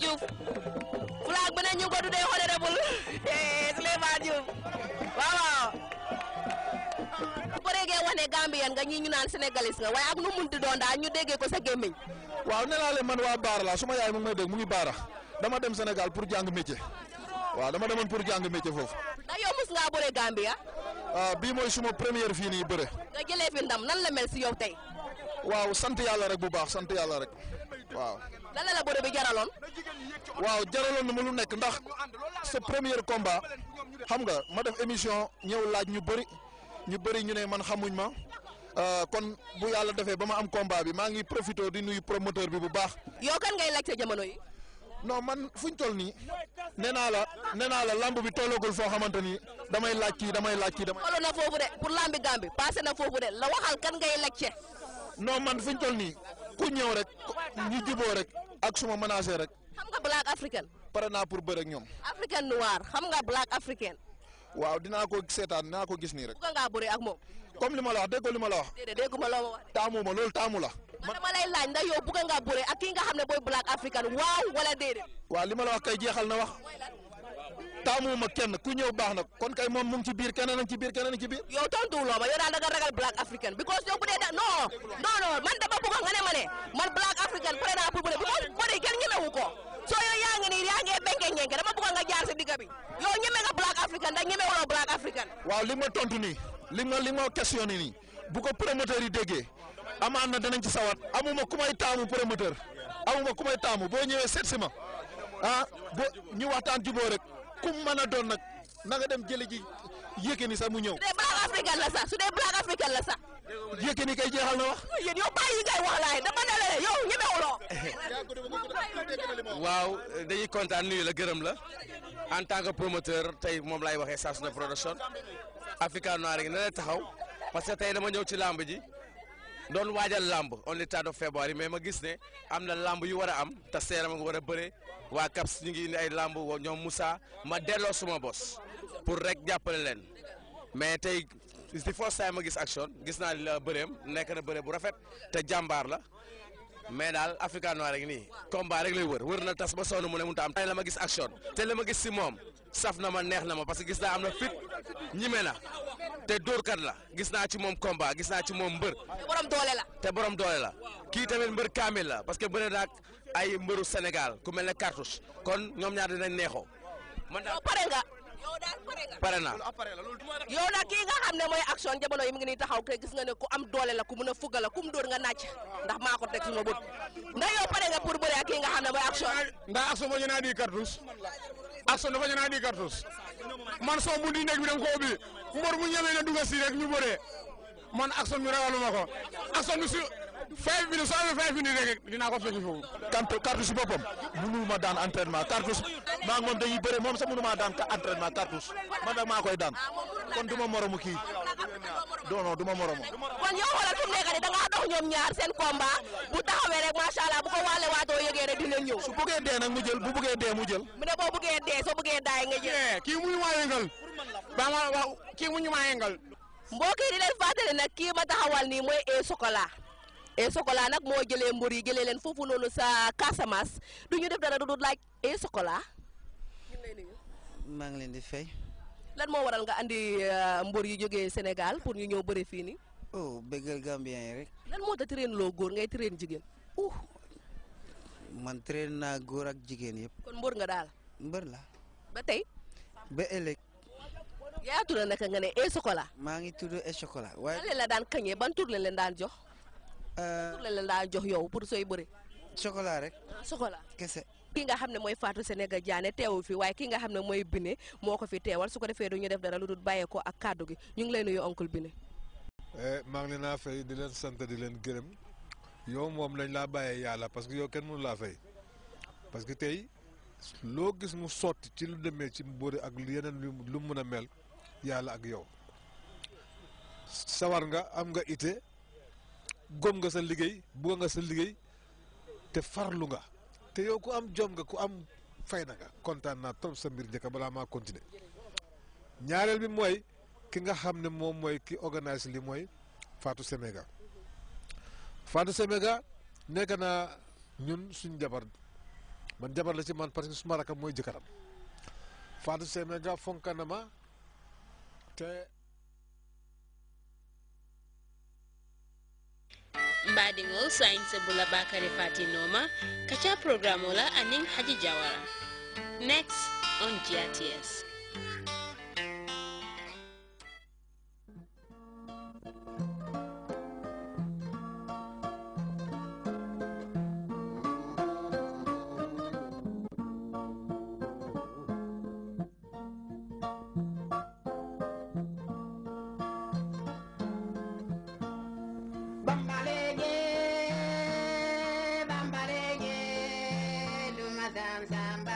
Diouf flag bu ne ñu ngi ko tuddee honorable Souleymane Diouf waaw waaw boo déggee wax ne Gambien nga ñi ñu naan sénégalais nga waaye ak nu munti doon daal ñu déggee ko sa gémmiñ waaw ne laa leen man waa Baara suma yaay mu ngi may dégg mu ngi Baara dama dem Sénégal pour jàng métier waaw dama demoon pour jàng métier foofu ndax yow mos ngaa bëre Gambia ah, bii mooy suma première fii nii bëre nga jëlee fi ndam nan la mel si yow tey waaw sant yàlla rek bu baax sant yàlla rek waaw. lan la la bëre bi jaraloon. waaw jaraloon na ma lu nekk ndax sa premier combat xam nga ma def émission ñëw laaj ñu bëri ñu bëri ñu ne man xamuñ ma euh, kon bu yàlla defee ba ma am combat bi maa ngi profité di nuyu promoteur bi bu baax. yow kan ngay laaj sa jamono yi. non man fuñ toll nii nee naa la nee naa la lamb bi tollagul foo xamante ni damay laaj kii damay laaj kii damay. toll na foofu de pour lambi gambi passé na foofu de la waxal kan ngay laajte. non man fuñ toll nii ku ñew rek ñu jibo rek ak suma menacé rek xam nga black african pare pour beur ak ñom african noir xam nga black african waaw dina ko seetaan na ko gis ni rek nga ngaa ak mom comme lima la wax deggo lima la wax déedéet dégguma la wax taamu ma loolu taamu la man dama lay lañ ndax yow bu nga bëre ak ki nga xamne boy black african waaw wala dede waaw lima la wax kay jexal na wax taamuma kenn ku ñew bax na kon kay mom mu ngi ci bir kenen nag ci bir kenen ci bir yow tontu lo ba yow da nga ragal black african because yow bu dee da non non man ma nga ne ma ne man Black African pare naa pour bu ne bi ma bëri kenn ñemewu ko soo yow yaa ngi nii yaa ngi benke ñenke dama bëggoon nga jaar si bi yow ñeme nga Black African da ñemewuloo Black African waaw li ma tontu nii li ma li ma questionné nii bu ko promoteur yi déggee amaan na danañ ci sawat amuma ku may taamu promoteur amuma ku may taamu boo ñëwee seet si ma ah bo ñu waxtaan juboo rek ku mën a doon nag na nga dem jëli ji yëkkani sa mu ñëw Yékini kay jeexal na wax. yéen yow bàyyi ngay wax laay dama ne la yow ñemewuloo. waaw dañuy kontaan nuyu la gërëm la en tant que promoteur tey moom laay waxee Sansone production Africa Noir rek na taxaw parce que tey dama ñëw ci làmb ji doon waajal làmb on le temps de février mais ma gis ne am na làmb yu war a am te seeram nga war a bëre waa CAPS ñu ngi indi ay làmb ñoom Moussa ma delloo suma bos pour rek jàppale leen tey di first time ma gis action gis naa ni la bëreem nekk na bëre bu rafet te jàmbaar la mais daal africain noir rek nii combat rek lay wër wër na tas ba sonn mu ne mënut a am. la ma gis action te la ma gis si moom saf na ma neex na ma parce que gis na am na fit ñime na te dóorkat la gis naa ci moom combat gis naa ci moom mbër. te borom doole la. te borom doole la kii tamit mbër kaamil la parce que bëre naag ay mbëru Sénégal ku mel ne cartouche kon ñoom ñaar dinañ neexoo. yow daal pare nga pare naa ah, yow nag kii nga xam ne mooy action jamono yi mu ngi nii taxaw te gis nga ne ku am doole la ku mën a la ku mu nga naaj ndax maa teg suma bët ndax yow pare nga pour bëre ak kii nga xam ne mooy action ndax action ba ñu naa di cartouche action dafa ñu naa di cartouche man soo bu di nekk bi dama ko ubbi mbor mu ñemee na duga si rek ñu bëree man action mi ragaluma ko action bi su 5 minutes soo amee 5 minutes rek mbokk yi di leen fàttali nag kii ma taxawal nii mooy Sokola e e sokola nak mo jele mbur yi jele len fofu nonu sa kasamas duñu def dara dudut laaj e eh, sokola mang len di fay lan mo waral nga andi eh, mbur joge senegal pour ñu ñew beure fi ni oh beugal gambien rek lan mo ta train lo gor ngay train jigen uh man train na gor ak jigen yep kon mbor nga dal mbor la ba tay ba elek ya tudu nak nga ne e sokola ma ngi tuddu e sokola way la dan kagne ban tour len len dan jox la euh, la laa jox yow pour sooy bëri. chocolat rek. chocolat kese. ki nga xam ne mooy Fatou Sénégal jaane teewu fi waaye ki nga xam ne mooy Biné moo ko fi teewal su ko defee du ñu def dara lu dul bàyyee ko ak kàddu gi ñu ngi lay nuyu oncle Biné. Eh, maa ngi leen naa fay di leen sant di leen gërëm yow moom lañ laa bàyyee yàlla parce que yow kenn munu laa fay parce que tey loo gis mu sotti ci lu demee ci mu mbóori ak yeneen lu mu mën a mel yàlla ak yow sawar gom nga sa liggéey bugg nga sa liggéey te farlu nga te yow ku am jom nga ku am fayda nga kontaan naa trop sa mbir njëkk balaa maa continuer ñaareel bi mooy ki nga xam ne moom mooy ki organise li mooy faatu Séméga Fatou Séméga nekk naa ñun suñ jabar man jabar la ci man parce que suma rakam mooy jëkkëram Fatou Séméga fonk na ma te mbaadiŋol sayinse bula bakari fati noma kaca programme ola aniŋ haji jawara next on gts Bambala.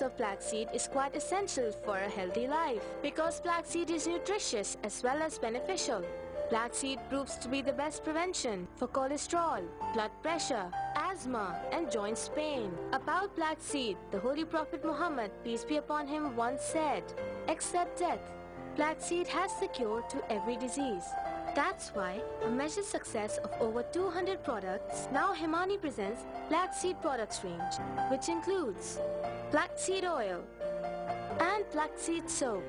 use of flaxseed is quite essential for a healthy life because flaxseed is nutritious as well as beneficial. Flaxseed proves to be the best prevention for cholesterol, blood pressure, asthma and joint pain. About flaxseed, the Holy Prophet Muhammad, peace be upon him, once said, Except death, flaxseed has the cure to every disease. That's why a measured success of over 200 products, now Himani presents Flaxseed Products range, which includes flaxseed oil, and flaxseed soap.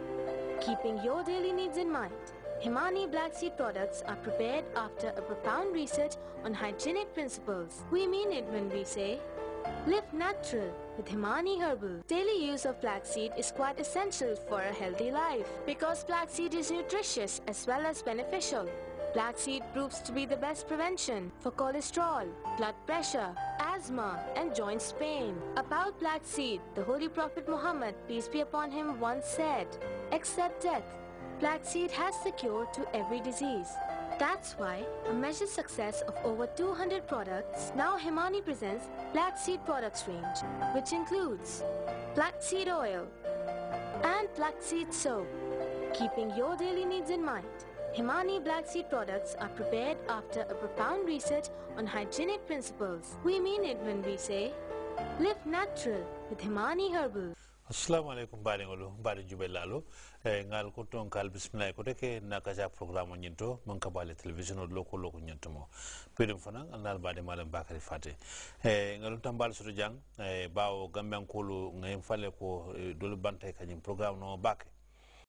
Keeping your daily needs in mind, Himani black seed products are prepared after a profound research on hygienic principles. We mean it when we say, live natural with Himani Herbal. Daily use of flaxseed is quite essential for a healthy life because flaxseed is nutritious as well as beneficial. Flaxseed proves to be the best prevention for cholesterol, blood pressure, and joined Spain. About black seed, the Holy Prophet Muhammad, peace be upon him, once said, "Accept death, black seed has the cure to every disease. That's why, a measured success of over 200 products, now Himani presents Black Seed Products range, which includes black seed oil and black seed soap, keeping your daily needs in mind. Himani Black Seed products are prepared after a profound research on hygienic principles. We mean it when we say, live natural with Himani Herbal. Assalamualaikum warahmatullahi wabarakatuh. mbaɗi juɓe laalo eyi eh, ngal ko toon kal bisimillahi nakaja programme o ñinto télévision o loko loko ñintomo peɗum fanan alnal mbaɗe malam bakari fate eyi eh, ngalum tan mbaɗa soto jang eh, bawo gambiyankolu ngayim falle ko dolu banta kajim kañum programme no bake